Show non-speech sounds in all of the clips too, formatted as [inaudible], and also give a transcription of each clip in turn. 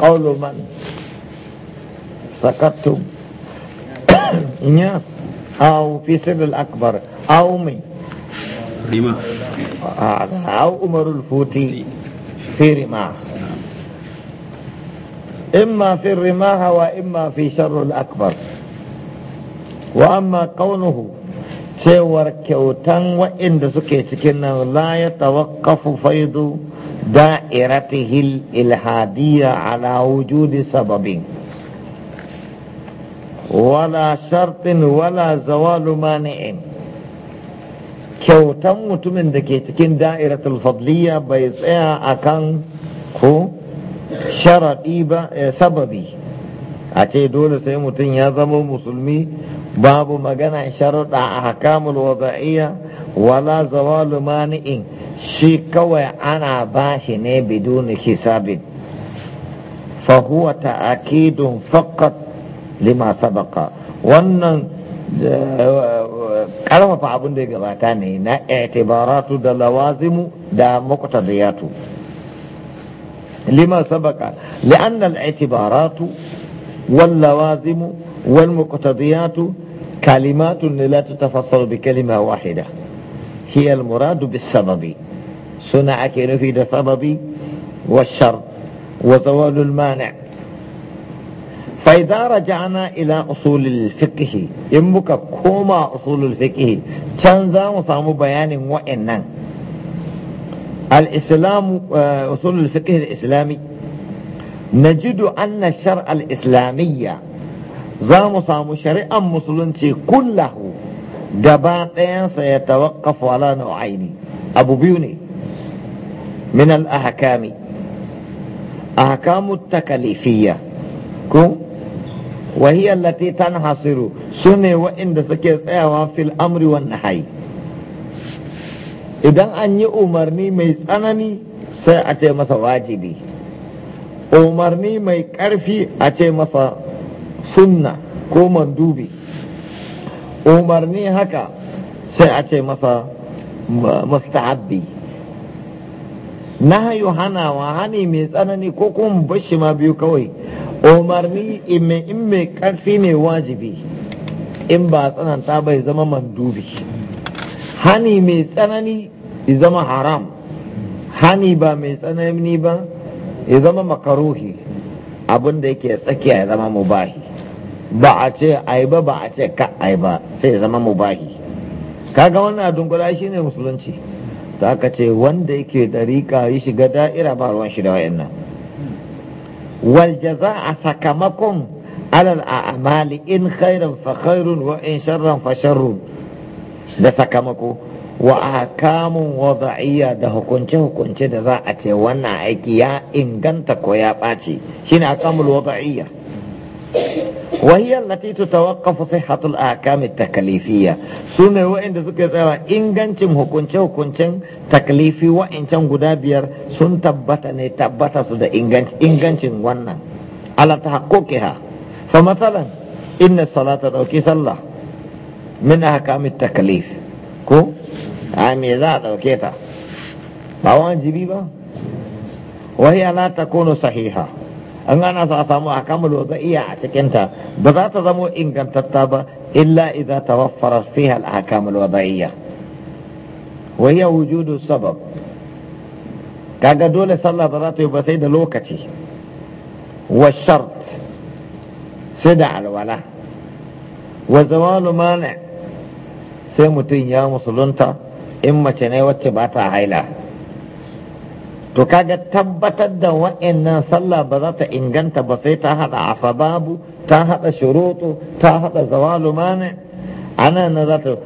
قول من سقطتم ناس أو في سر الأكبر أو من رما أو أمر الفوتي في رماه إما في الرماه وإما في شر الأكبر وأما قونه سيور كوتان وإن سكي سكينا لا يتوقف فيض دائرته الإلحادية على وجود سبب sharɗin شرط ولا زوال مانع kyautan mutumin da ke cikin da'iratul fadliya bai tsaya akan ko sharaɗi ba ya sababi a ce dole sai mutum ya zama musulmi babu magana sharaɗa a hakamul wada'iyya wala zawalu mani'in شي كوي انا باهي ني بدون حساب فهو تأكيد فقط لما سبق وان آه، كلمة فعبون دي قباتاني نا اعتبارات دا لوازم دا مقتضيات لما سبق لأن الاعتبارات واللوازم والمقتضيات كلمات لا تتفصل بكلمة واحدة هي المراد بالسبب suna ake nufi da sababi wa shar wa zawalul mani فإذا رجعنا إلى أصول الفقه إمك كوما أصول الفقه تنزا وصام بيان وإنن الإسلام أصول الفقه الإسلامي نجد أن الشرع الإسلامي زام صام شريعة مسلمتي كله دبا سيتوقف على نوعين أبو بيوني من الأحكام أحكام التكليفية كو وهي التي تنحصر سنة وإن سكيس في الأمر والنهي idan an yi umarni mai tsanani sai a ce masa wajibi umarni mai ƙarfi a ce masa sunna ko mandubi umarni haka sai a ce masa mustahabbi Na nahayu hanawa hani mai tsanani ko kuma bashi ma biyu kawai umarni in mai karfi ne wajibi in ba tsananta bai zama mandubi hani mai tsanani ya zama haram hani ba mai tsanani ba ya zama makaruhi abin da yake tsakiya ya zama mubahi ba a ce ai ba ba a ce ka ai ba sai ya zama mubahi kaga wannan shi shine musulunci ta aka ce wanda yake dariƙa ya shiga da'ira ba ruwan shi da nan wal a sakamakon alal a'mali in khairun fa khairun wa in sharran fa sharrun da sakamako wa ahkamun wada'iyya da hukunce hukunce da za a ce wannan aiki ya inganta ko ya ɓace, shine akamul wada'iyya Wahi 'yan latin ta wakafu sai haɗu a hakamanta ta kallifiyar su ne wa'inda suke tsara ingancin hukunce-hukuncen ta kalli wa'incan guda biyar sun tabbatane tabbata su da ingancin wannan. Allah ta Fa matasan in na sa ala ta sallah, min haka ma takalmi ko? A'a me za a ɗauke ta. Ba wawan jibi ba? Wani ala ta sahiha. an ana so a samu a kamar iya a cikinta ba za ta zamo ingantatta ba illa idza tawaffara fiha al a al-wada'iyya wa iya wujudu sabab kaga dole sallah ba za ta yi ba sai da lokaci wa shart sai da alwala wa zawalu lumana sai mutum ya musulunta in mace ne wacce ba ta haila to kaga tabbatar da wa'annan sallah ba za ta inganta ba sai ta hada asababu ta hada shurutu ta hada zawalu mani ana na za ta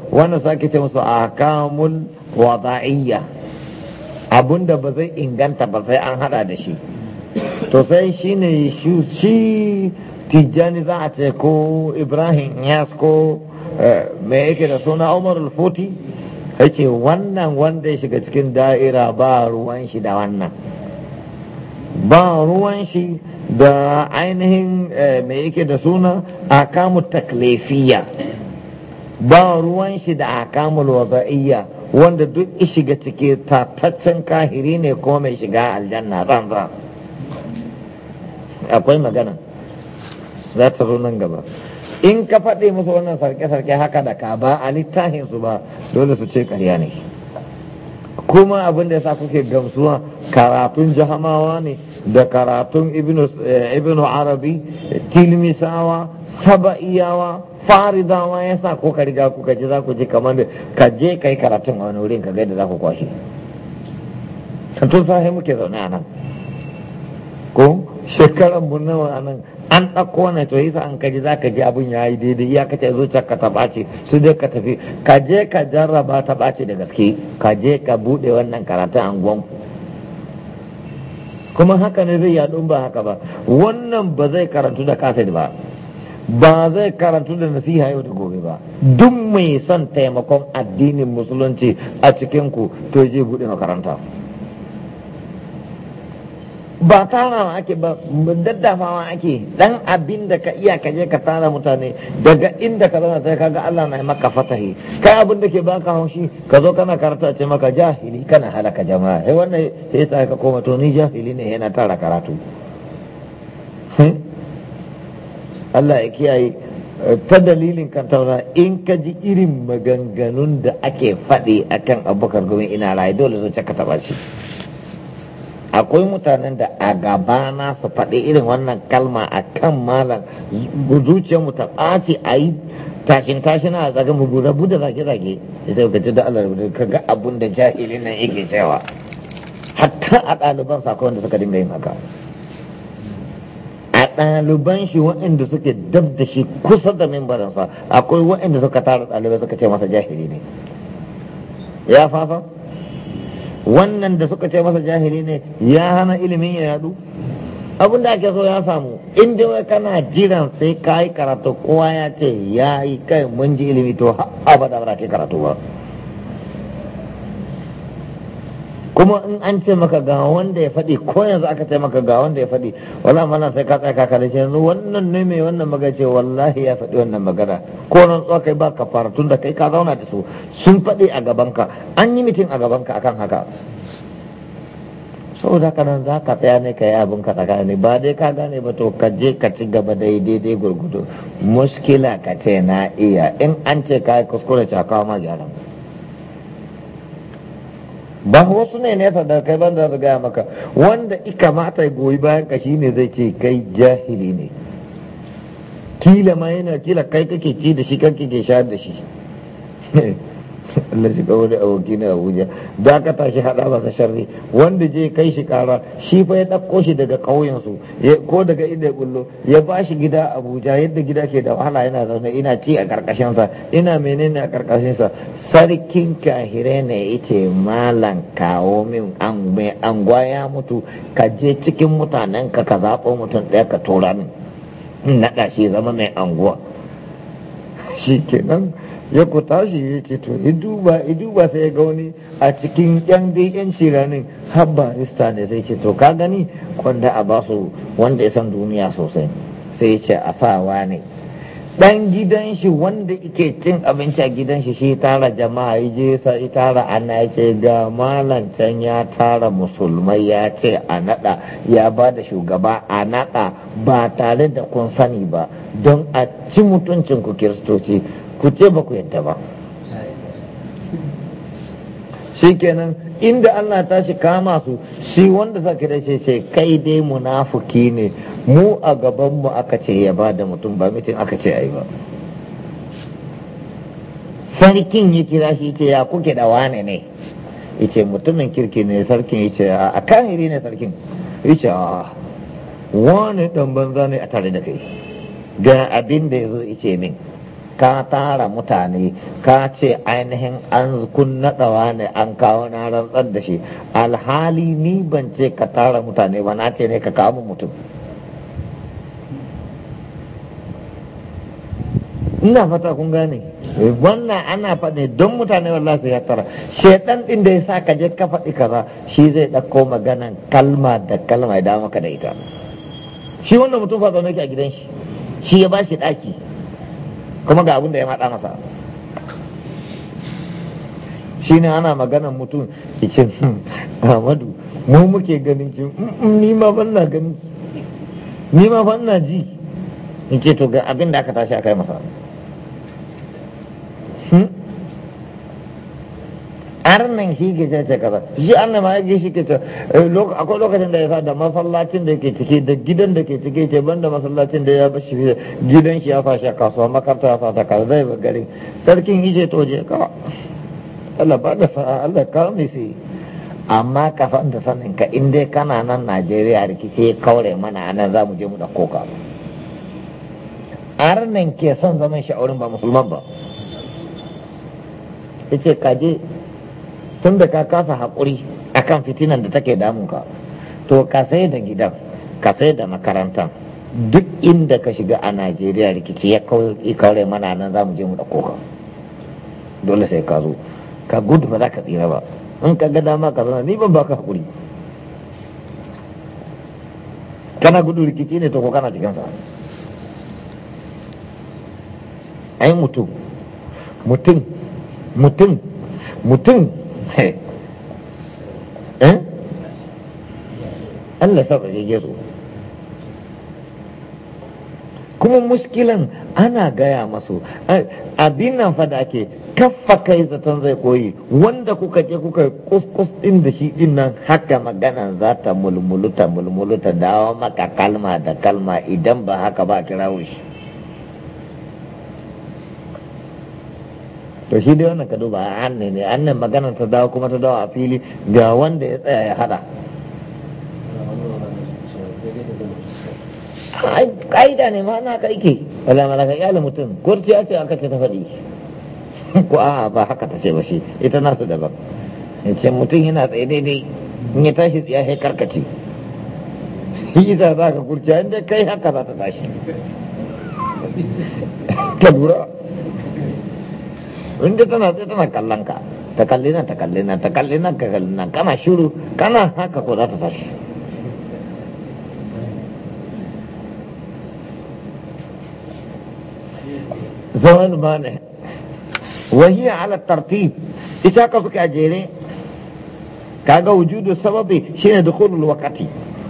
sake ce musu ahkamul wada'iyya abunda ba zai inganta ba sai an hada da shi to sai shine shi tijjani za a ce ko ibrahim yas ko eh, mai yake da suna umar al-futi ce wannan wanda ya shiga cikin da'ira ba ruwan shi da wannan ba ruwan shi da ainihin eh, mai yake da suna akamu taklifiya ba ruwan shi da kamu wada'iyya wanda duk shiga cike tataccen kahiri ne ko mai shiga aljanna tsantsan akwai magana za ta zo nan gaba in ka faɗi musu wannan sarke-sarke haka da ka ba a littafin su ba dole su ce karya ne kuma abin da yasa kuke gamsuwa karatun jahamawa ne da karatun ibnu eh, arabi tilmisawa saba'iyawa faridawa yasa ko ka riga kuka ji za ku ji kamar da ka je kai karatun a wani wurin ka ga da za ku kwashe tun sahi muke zaune a nan ko shekaran mu nawa a nan an ɗauko ne to yi an kaji za ka ji abin ya yi daidai ya kace zuciyar ka ta ɓaci, su dai ka tafi ka je ka jarraba ta ɓaci da gaske ka je ka buɗe wannan karatun angon kuma haka ne zai yaɗu ba haka ba wannan ba zai karantu da kasid ba ba zai karantu da nasiha yau da gobe ba duk mai son taimakon addinin musulunci a cikinku to je buɗe makaranta. ba tarawa ake ba daddafawa ake dan abin da ka iya ka je ka tara mutane daga inda ka zana sai kaga Allah na maka fatahi kai abin da ke baka haushi ka zo kana karatu ce maka jahili kana halaka jama'a eh wannan sai ta ka koma to ni jahili ne yana tara karatu hmm? Allah ya kiyaye ta dalilin kan taura in ka ji irin maganganun da ake faɗi akan abubakar gumi ina raye dole zo ka taɓa shi akwai mutanen da a gaba na su faɗi irin wannan kalma a kan malam mu ta ɓace a yi tashin tashin a tsakan mu rabu buɗe zage zage sai ka ji da Allah rubuta ka ga abun da jahilin nan yake cewa hatta a ɗaliban sakon da suka dinga yin haka a ɗaliban shi waɗanda suke dab da shi kusa da membaransa akwai waɗanda suka tara ɗalibai suka ce masa jahili ne ya fafa wannan da suka ce masa jahili ne ya hana ilimin ya yadu abin da ake so ya samu in wai kana jiran sai ka yi karatu kowa ya ce ya yi kai mun ji ilimi to abada ba ke karatu ba kuma in an ce maka ga wanda ya faɗi ko yanzu aka ce maka ga wanda ya faɗi wala mana sai ka tsaya ka shi yanzu wannan ne mai wannan magana ce wallahi ya faɗi wannan magana ko nan tsawa kai ba ka fara da kai ka zauna da su sun faɗi a gaban ka an yi mitin a gaban ka akan haka saboda da nan za ka tsaya ne ka yi abin ka tsakani ba dai ka gane ba to ka je ka ci gaba dai daidai gurgudu muskila ka ce na iya in an ce ka yi kuskure cakawa ma gyaran ba wasu ne nesa da kai ban zasu gaya maka wanda ikamata ya goyi bayan ka ne zai ce kai jahili ne kila ma yana kila kai kake ci da shi kake ke sha da shi [laughs] Allah shi kawo da na Abuja da shi tashi hada masa sharri wanda je kai shi kara shi fa ya dauko shi daga kauyen su ko daga inda kullo ya ba shi gida Abuja yadda gida ke da wahala yana zaune ina ci a karkashin ina menene a karkashin sa sarkin kahire ne yace malam kawo min an angwa ya mutu ka je cikin mutanen ka ka zaɓo mutum ɗaya ka tura min in naɗa shi zama mai anguwa shi kenan ya ku tashi ya ce to ya duba ya duba sai ya ga wani a cikin yan dai yan shiranin har rista ne sai ce to ka gani kwanda a basu wanda ya san duniya sosai sai ya ce a sawa ne ɗan gidan shi wanda ike cin abinci a gidan shi shi tara jama'a ya je sa ya tara ana ya ce ga malancan ya tara musulmai ya ce a nada ya ba da shugaba a nada ba tare da kun sani ba don a ci mutuncin kiristoci ku ce ba ku yadda ba shi kenan inda Allah ta shi kama su shi wanda sa da shi ce kai dai munafuki ne mu a gaban mu aka ce ya ba da mutum ba mutum aka ce ai ba sarkin ya kira shi ce ya kuke da wane ne yace mutumin kirki ne sarkin yace a kan iri ne sarkin yace a wane dan banza ne a tare da kai ga abin da yazo yace min ka tara mutane ka ce ainihin an kun nadawa ne an kawo na rantsar da shi alhali ni ban ce ka tara mutane ba na ce ne ka kawo mutum ina fata kun gane wannan ana faɗi don mutane wallah su ya tara shaidan ɗin da ya sa ka je ka faɗi kaza shi zai ɗauko maganan kalma da kalma ya dawo maka da ita shi wannan mutum fa zaune ki a gidan shi shi ya ba shi ɗaki kuma ga abin da ya maɗa masa shi ne ana maganan mutum cikin hmm, Amadu mu muke ganin ki hmm, hmm, ni ma ban na gani ni ma ban ji in ce to ga abin da aka tashi aka yi masa arnan shi ke ce kaza shi an ma yake shi ke ce eh, akwai lokacin da ya sa da masallacin da ke ciki da gidan da ke ciki ce ban da masallacin da ya bashi gidan shi ya sa shi a kasuwa makarta ya sa ta kaza zai gari. sarkin yi ce to je ka Allah ba da sa'a Allah ka mai sai amma ka san da sanin ka in dai kana nan Najeriya rikice kaure mana nan za mu je mu dauko ka arnan ke son zaman shi a wurin ba musulman ba ita kaje tun da ka kasa haƙuri akan fitinan da take damunka to ka sai da gidan ka sai da makarantar duk inda ka shiga a najeriya rikici ya kawai mana nan za mu je mu ɗauko ka dole sai ka zo ka gudu ba za ka tsira ba in ka ga dama ka zana ni ban baka haƙuri kana gudu rikici ne to ko kana cikin sa ai mutum mutum mutum mutum Eh? Allah kuma muskilan ana gaya masu abin nan fa da ake kaffa kai zaton zai koyi wanda kuka je kuka yi kuskus din da shi din nan haka magana za ta mulmuluta mulmuluta dawo maka kalma da kalma idan ba haka ba kirawo shi to shi dai wannan ka duba an ne ne an ne maganar ta dawo kuma ta dawo a fili ga wanda ya tsaya ya hada ƙa'ida ne ma na ka ike wala ka iyalin mutum kurciya ce aka ce ta faɗi ko a'a ba haka ta ce ba shi ita nasu daban ya ce mutum yana tsaye daidai in ya tashi tsaye sai karkace shi isa za ka kurciya inda kai haka za ta tashi Ta lura inda tana tsaye tana kallon ka ta kalli nan ta kalli nan ta kalli nan ka kalli nan kana shiru kana haka ko za ta tashi zaman ba ne وهي على الترتيب إذا كفك أجيري كاغا وجود السبب شين دخول الوقت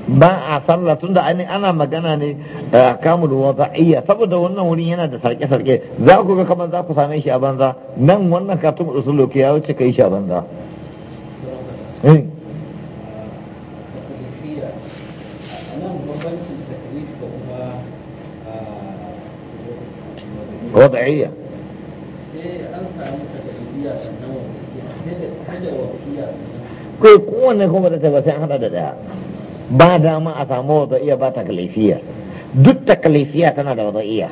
ba a sallah tun da ana magana ne eh, a kamul iya saboda wannan wurin yana da sarke-sarke za ku ga kamar za ku same shi a banza nan wannan katun usul ke ya wuce kai shi a banza eh. wada'iyya kai kowanne kuma da tabbata an hada da daya ba dama a samu wada'iya ba ta kalifiya duk kalifiya tana da wada'iya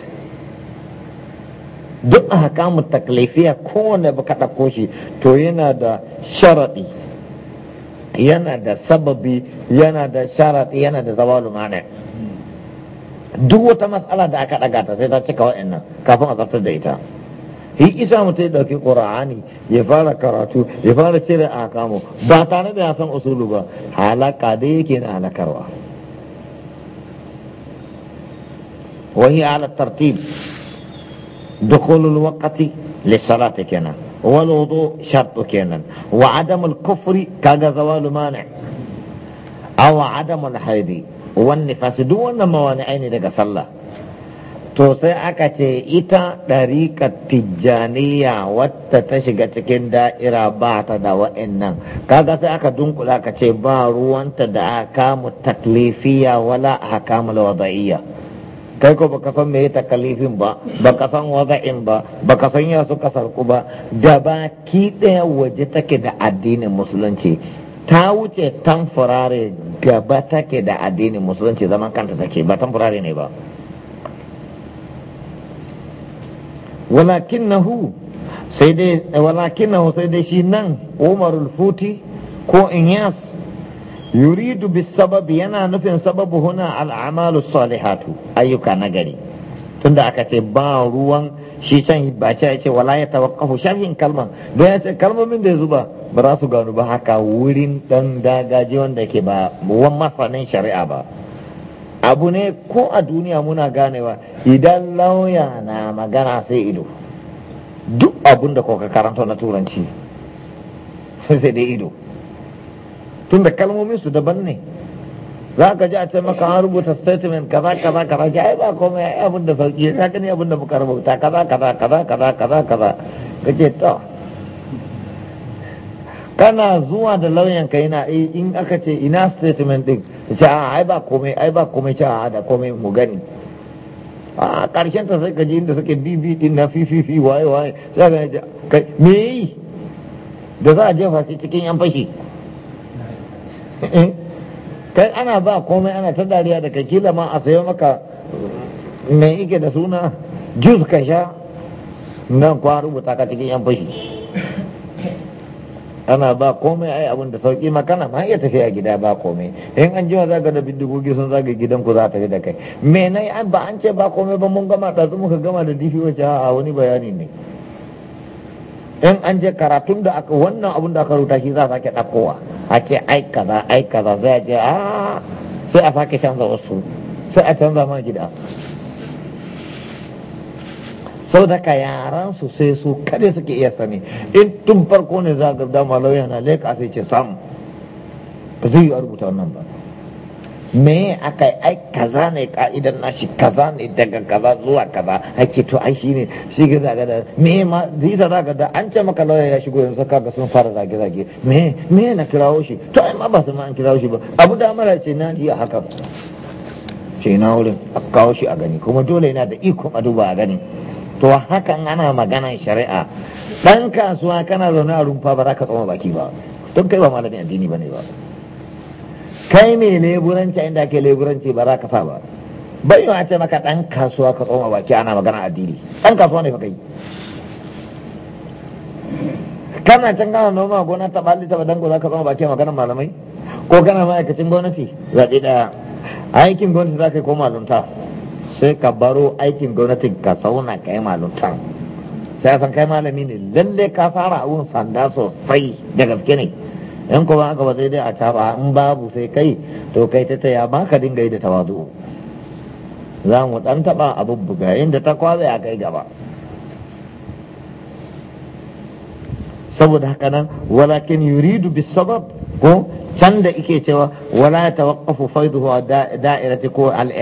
duk a ta taklifiya kowane ba kaɗa shi to yana da sharaɗi yana da sababi yana da sharaɗi yana da zawalu mana duk wata matsala da aka ɗaga ta sai ta cika nan kafin a tsartar da ita shi isa mutum ya ɗauki ƙura'ani ya fara karatu ya fara cire a kamo ba tare da ya san usulu ba halaka da yake na halakarwa ala tartib da kullum wakati lissalata kenan wani hudu shartu kenan wa adamul kufri kaga zawalu mana a wa adamul haidi wani fasidu wannan mawani aini daga sallah to aka ce ita ɗariƙar tijjaniya wadda ta shiga cikin da'ira ba ta da wa'annan kaga sai aka dunkula ka ce ba ruwanta da kamu taklifiya wala akamu wada'iyya kai ko baka san me takalifin ba baka san wada'in ba baka san ya suka sarku ba da baki ɗaya waje take da addinin musulunci ta wuce tamfurare gaba take da addinin musulunci zaman kanta take ba tamfurare ne ba walakinahu sai dai eh, walakinahu sai dai shi nan umarul futi ko inyas yuridu bis sababi yana nufin sababu huna al'amalu salihatu ayyuka nagari tunda aka ce ba ruwan shi can ba ce ya ce wala ya tawakkafu sharhin kalma don ya ce kalmomin da ya zuba ba za su gano ba haka wurin dan dagaji wanda ke ba wan masanin shari'a ba abu ne ko a duniya muna ganewa idan lauya na magana sai ido duk abun da ka karanta na turanci [laughs] sai dai ido tun da kalmomin su daban ne za ka ji a ce maka an rubuta statement kaza kaza kaza ji ai ba komai ai abun da sauki ya ka ni abun da muka rubuta kaza kaza kaza kaza kaza kaza kace to kana zuwa da lauyan ka yana eh, in aka ce ina statement din ce a ai ba komai ai ba komai ce a da komai mu gani a karshen ta sai ka ji inda suke bibi din na fififi waye waye sai ka ji kai me yi da za a jefa shi cikin yan fashi eh, kai ana ba komai ana ta dariya da kai kila ma a sayo maka mai ike da suna jus ka sha nan kwa rubuta ka cikin yan fashi ana ba komai ai abin da sauki makana ma iya a gida ba komai in an jima za ka da bindigogi sun zaga gidan ku za ta da kai me na an ba an ce ba komai ba mun gama su muka gama da dihi wace a wani bayani ne in an je karatun da aka wannan abin da aka rubuta shi za a sake ɗakowa a ce ai kaza ai kaza zai a ce a sai a sake canza wasu sai a canza ma gida sau daga yaran su sai su kare suke iya sani in tun farko ne za ga dama lauya na leƙa sai ce samu ba zai yi a rubuta wannan ba me aka ai kaza ne ka'idan nashi kaza ne daga kaza zuwa kaza ake to ai shine shi ga zaga da me ma zai ta zaga da an ce maka lawyer ya shigo yanzu kaga sun fara zage zage me me na kirawo shi to ai ma ba su ma an kirawo shi ba abu da mara ce na ji a haka ce na wurin a kawo shi a gani kuma dole yana da ikon a duba a gani to hakan ana magana shari'a dan kasuwa kana zaune a rumfa ba za ka tsoma baki ba don kai ba malamin addini ba ne ba kai mai leburanci inda ake leburanci ba za ka sa ba bai yi ce maka dan kasuwa ka tsoma baki ana magana addini dan kasuwa ne fa kai kana can kana noma gona ta bali ta badango za ka tsoma baki maganar malamai ko kana ma'aikacin gwamnati zaɓi ɗaya aikin gwamnati za ka yi ko malumta sai ka baro aikin gwamnatin ka sauna ka yi maluntan sai san kai malami ne lalle ka fara abun sanda sosai da gaske ne in kuma aka ba sai dai a caba in babu sai kai to kai ta taya ba ka dinga yi da tawadu za mu dan taba abin buga inda ta kwabe a kai gaba saboda haka nan walakin yuridu bis sabab ko can da ike cewa wala ya tawaqqafu faiduhu da'irati ko al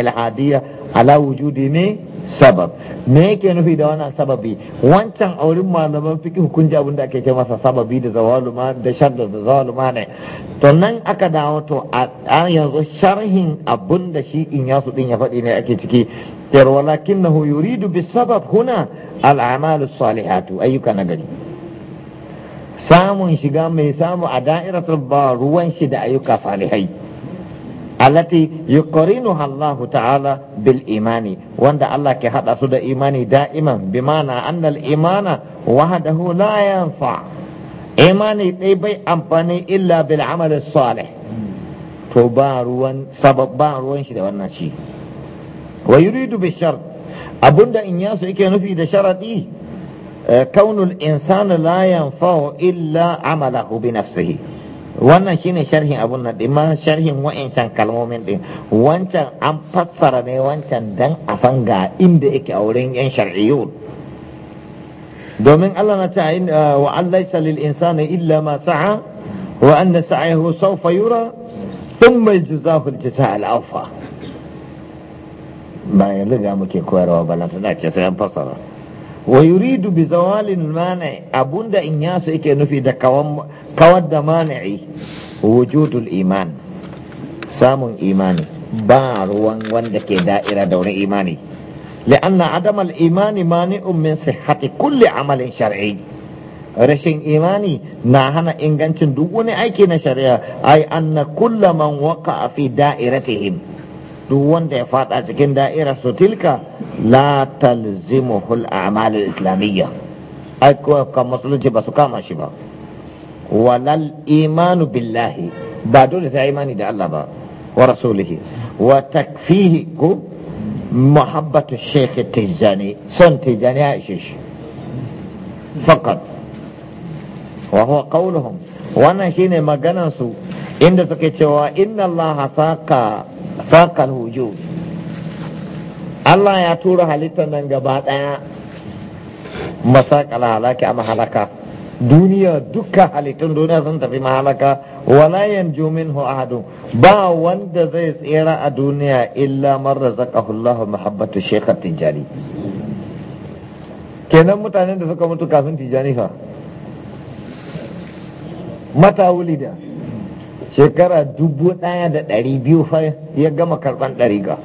ala wujudi ne sabab me yake nufi da wannan sababi wancan aurin malaman fiki hukunci abin da ake ce masa sababi da zawaluma da shaddar da zawaluma ne to nan aka dawo to a yanzu sharhin abin da shi in yasu din ya faɗi ne ake ciki yar na yuridu bi sabab huna al'amalu salihatu ayyuka nagari samun shiga mai samu a da'iratul ba ruwan shi da ayyuka salihai allati yuqarinuha Allah ta'ala bil imani wanda Allah ke hada su da imani da'iman bi ma'ana anna al imana wahdahu la yanfa imani dai bai amfani illa bil amal salih to ba ruwan sabab ba ruwan shi da wannan shi wa yuridu bi shart abunda in yaso yake nufi da sharadi eh, kaunul insanu la yanfa illa amalahu bi nafsihi wannan shine sharhin abun nan din ma sharhin wa'ancan kalmomin ɗin wancan an fassara ne wancan dan a san ga inda yake a wurin yan shar'iyyun domin Allah na ta eh, wa allaisa lil insani illa ma sa'a wa anna sa'ahu sawfa yura thumma yujzahu al-jazaa al-awfa ba yanzu ga muke koyarwa ba lantana ce sai an fassara wa yuridu bi zawalin mana abunda in yaso yake nufi da kawan kawar da mani'i wujudul iman samun imani ba ruwan wanda ke da'ira da wani imani li'anna adamal imani mani'un min sihhati kulli amalin shar'i rashin imani na hana ingancin duk wani aiki na shari'a ai anna kulla man a fi da'iratihim duk wanda ya fada cikin da'irar su tilka la talzimu al-a'mal islamiyya ai ko kan musulunci ba su kama shi ba walal imanu billahi ba dole ta imani da Allah ba wa rasulihi wa takfihi ko muhabbatu shekhi Tijjani. son Tijjani ya ishe shi fakat wa huwa qawluhum wannan shine maganan su inda suke cewa inna Allah saka sakal hujub Allah ya tura halittar nan gaba daya masakala halaki a mahalaka duniya duka halittun duniya sun tafi mahalaka wala jomin hu'adu ba wanda zai tsira a duniya illa marar zaka Allah mahabbatu shekar Tijjani. kenan mutanen da suka mutu kafin Tijjani fa mata wulida shekara dubu ɗaya da ɗari biyu fa ya gama karban dari ga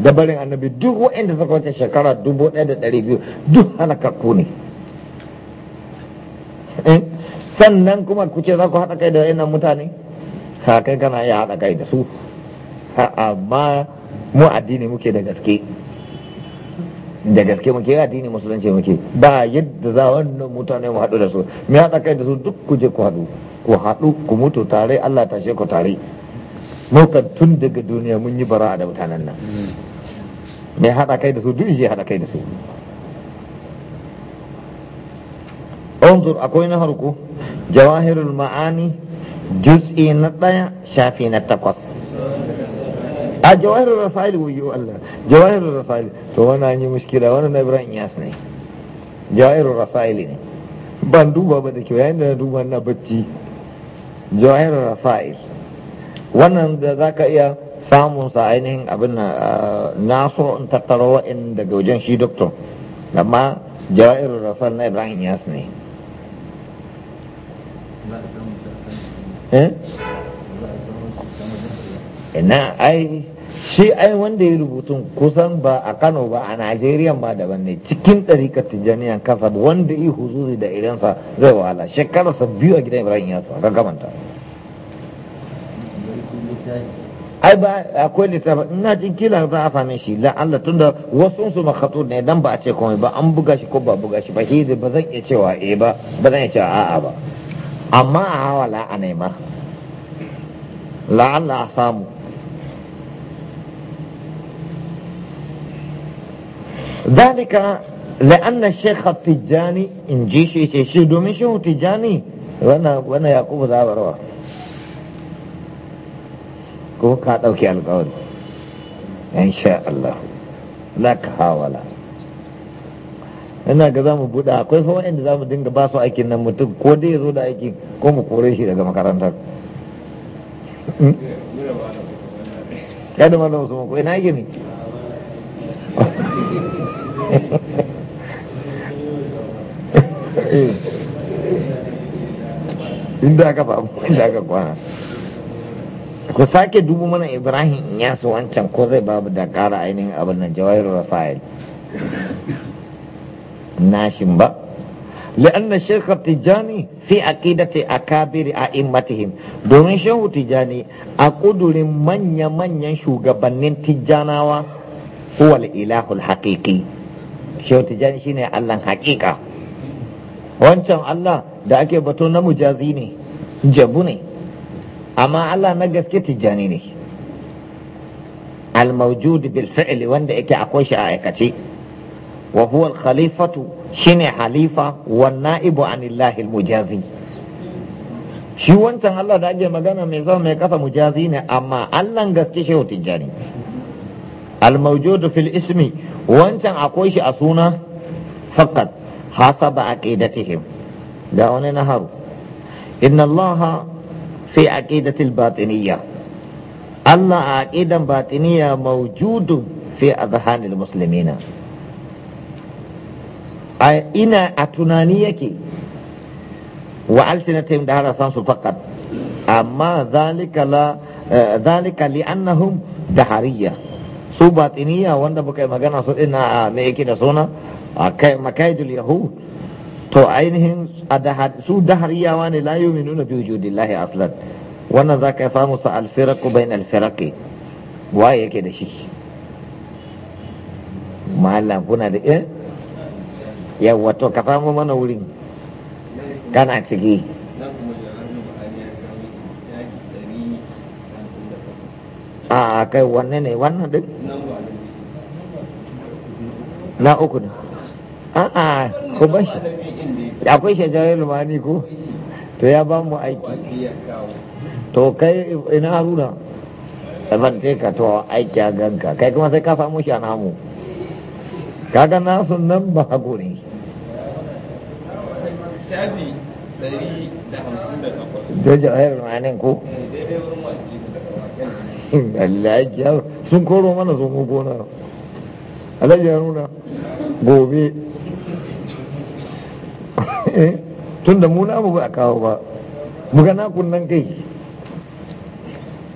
dabarin annabi duk waɗanda suka wuce shekara dubu ɗaya da ɗari biyu duk halakakku ne Eh? sannan kuma ku ce za ku haɗa kai da wayannan mutane ha kai kana iya haɗa kai da su amma mu addini muke da gaske da gaske muke ya addini musulunci muke ba yadda za wannan mutane mu haɗu da su mu haɗa kai da su duk ku je ku haɗu ku haɗu ku mutu tare Allah tashe ku tare mukan tun daga duniya mun yi bara da mutanen nan hmm. mai haɗa kai da su duk je haɗa kai da su انظر أكوين هركو جواهر المعاني جزء نطايا شافي نتقص الجواهر الرسائل ويو الله جواهر الرسائل تو وانا عندي مشكلة وانا نبرين ياسني جواهر الرسائل ني ban duba ba da kyau yayin da na duba na bacci jawahir rasail wannan da za ka iya samun sa ainihin abin na so in tattaro wajen shi doktor amma jawahir rasail na ibrahim yas ne Eh? na ai shi ai wanda ya rubutun kusan ba a kano ba a najeriya ba daban ne cikin ɗarikar tijjaniyar kasar wanda yi huzuri da irinsa zai wahala shekararsa biyu a gidan ibrahim yasu a gagamanta ai ba akwai littafi ina jin kila za a same shi la Allah tunda wasu su makhatsu ne dan ba a ce komai ba an buga shi ko ba buga shi ba shi ba zan iya cewa eh ba zan iya cewa a'a ba أما a آه لا أني ما nema la'alla ذلك لأن الشيخ التجاني إن جيشي شي دوميشو تجاني وانا وانا يعقوب ذا بروا كو كيان قول إن شاء الله لك حاولا ina ga za mu buɗe akwai fa wa'anda za mu dinga ba su aikin nan mutum ko dai ya zo da aikin ko mu kore shi daga makarantar hmm? ya da malam usman ko ina aiki ne [laughs] eh. inda aka samu inda aka kwana ku sake dubu mana ibrahim ya su wancan ko zai babu da ƙara ainihin abin nan jawahirul rasail nashim ba Tijjani syekh tijani fi aqidati a a'immatihim domin Shehu tijani a kudurin manya-manyan shugabannin tijanawa huwa ilahul haqiqi Shehu tijani shine allah hakika wancan allah da ake bato na mujazi ne jabu ne amma allah na gaske tijani ne al-mawjud bil fi'li wanda yake akwai shi a aikace wa huwa khalifatu shine halifa wa na'ibu anillahi mujazi shi wancan Allah da ake magana mai zama mai kasa mujazi ne amma allah gaske shehu tijjani al-mawjudu fil ismi wancan akwai shi a suna faqat hasaba aqidatihim da wani naharu inna Allah fi aqidati al-batiniyya Allah a aqidan batiniyya mawjudun fi azhanil muslimina A ina a tunani yake wa alsinatim da harasan su fakat amma zalika la eh, zalika li annahum dahariya su batiniya wanda muka yi magana su ina a ah, mai yake da suna a kai makaidul yahud to ainihin su dahariyawa ne la nuna biyu lahi aslan wannan za ka samu sa alfiraku bain alfiraki waye yake da shi malam kuna da eh ya wato ka samu mana wurin kana ciki a kai wannan ne wannan duk na uku ne a'a ku bashi akwai shajarar lumani ko to ya ba mu aiki to kai ina haruna ɗabante ka to aiki a ganka kai kuma sai ka samu shi a namu kaga nasu nan ba hakuri shafi ɗari da hamsin da takwas. Jojo ayar ma'anin ko? Eh, daidai wurin masu sun koro mana sun mu gona. Alhaji ya nuna gobe. [laughs] Eh, Tun da muna mu ba a kawo ba. Muga na kunnan kai.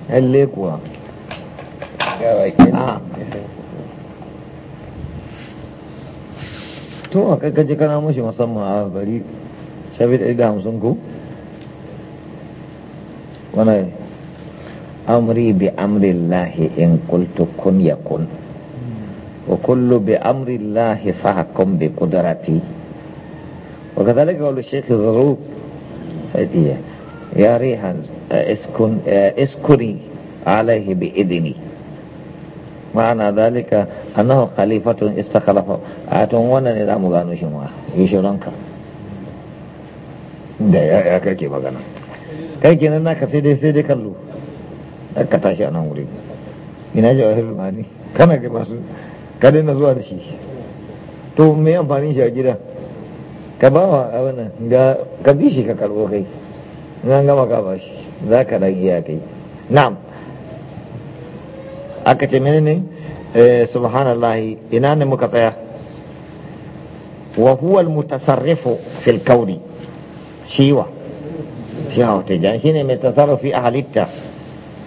Lalle kuwa. Ah. To a kakkaji kana mashi musamman a bari shafi ɗari da hamsin ku wani amri bi amri lahi in kultu kun ya kun wa kullu bi amri lahi fahakun bi kudarati wa kazalika wani shekaru. zuru fadiya ya rihan eh, iskuri eh, alaihi bi idini ma'ana zalika annahu khalifatun istakhalafa a tun wannan ne za mu gano shi ma yi shi ranka da ya kake magana kai kenan naka sai dai sai dai kallo ka tashi a nan wuri ina jawahir rumani kana ga masu ka na zuwa da shi to me amfani shi a gida ka ba wa wannan ga ka bi shi ka karbo kai Na gama ka ba shi za ka dan iya kai na'am aka ce ne. Eh, subhanallah ina ne muka tsaya wa huwa al-mutasarrifu fil kawni شيوة شيوة وتجان هنا من التصرف في أهلية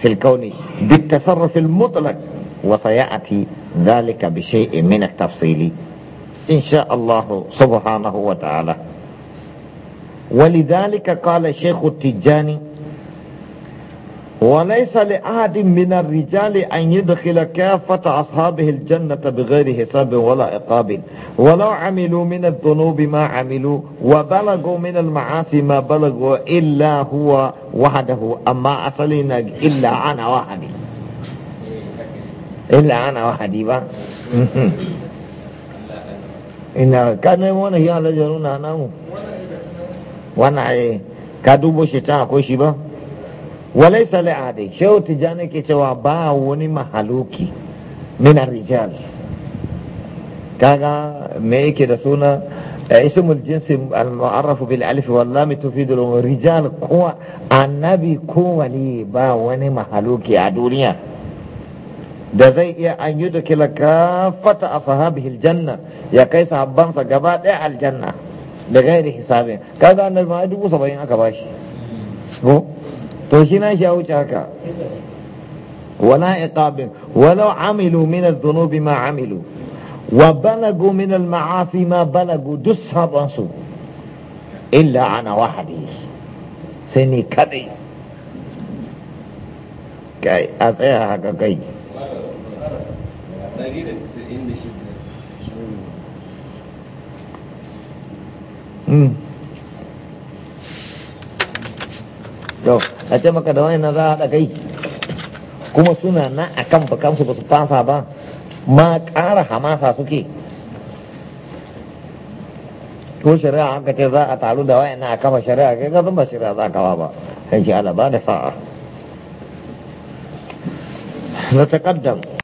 في الكون بالتصرف المطلق وسيأتي ذلك بشيء من التفصيل إن شاء الله سبحانه وتعالى ولذلك قال الشيخ التجاني وليس لأحد من الرجال أن يدخل كافة أصحابه الجنة بغير حساب ولا عقاب ولو عملوا من الذنوب ما عملوا وبلغوا من المعاصي ما بلغوا إلا هو وحده أما أصلنا إلا أنا وحدي إلا أنا وحدي با إن كان وانا هي على جنون أنا وانا إيه كادوبو شتاء كوشي با walai sale ade shehu ne ke cewa ba wani mahaluki min rijal kaga me yake da suna اسم الجنس المعرف بالالف واللام تفيد رجال قوة النبي قوة لي با وني mahaluki a duniya? da zai iya an yi da kila kafata a sahabihil janna ya kai sahabbansa gaba ɗaya aljanna da gairi hisabin kaga annabi ma dubu saba'in aka bashi to shi na sha wuce haka wala iqabin walau amilu min adh-dhunubi wa balagu min al-ma'asi ma balagu duk sabon su illa ana wahadi sai ni kadai a tsaya haka kai hmm. to a ce maka da wani na za a haɗa kai kuma suna na a kan bakansu ba su fasa ba ma ƙara hamasa suke ko shari'a haka ce za a taru da wayan na a kama shari'a kai ga ba shari'a za a kawa ba kai shi ala ba da sa'a na taƙaddam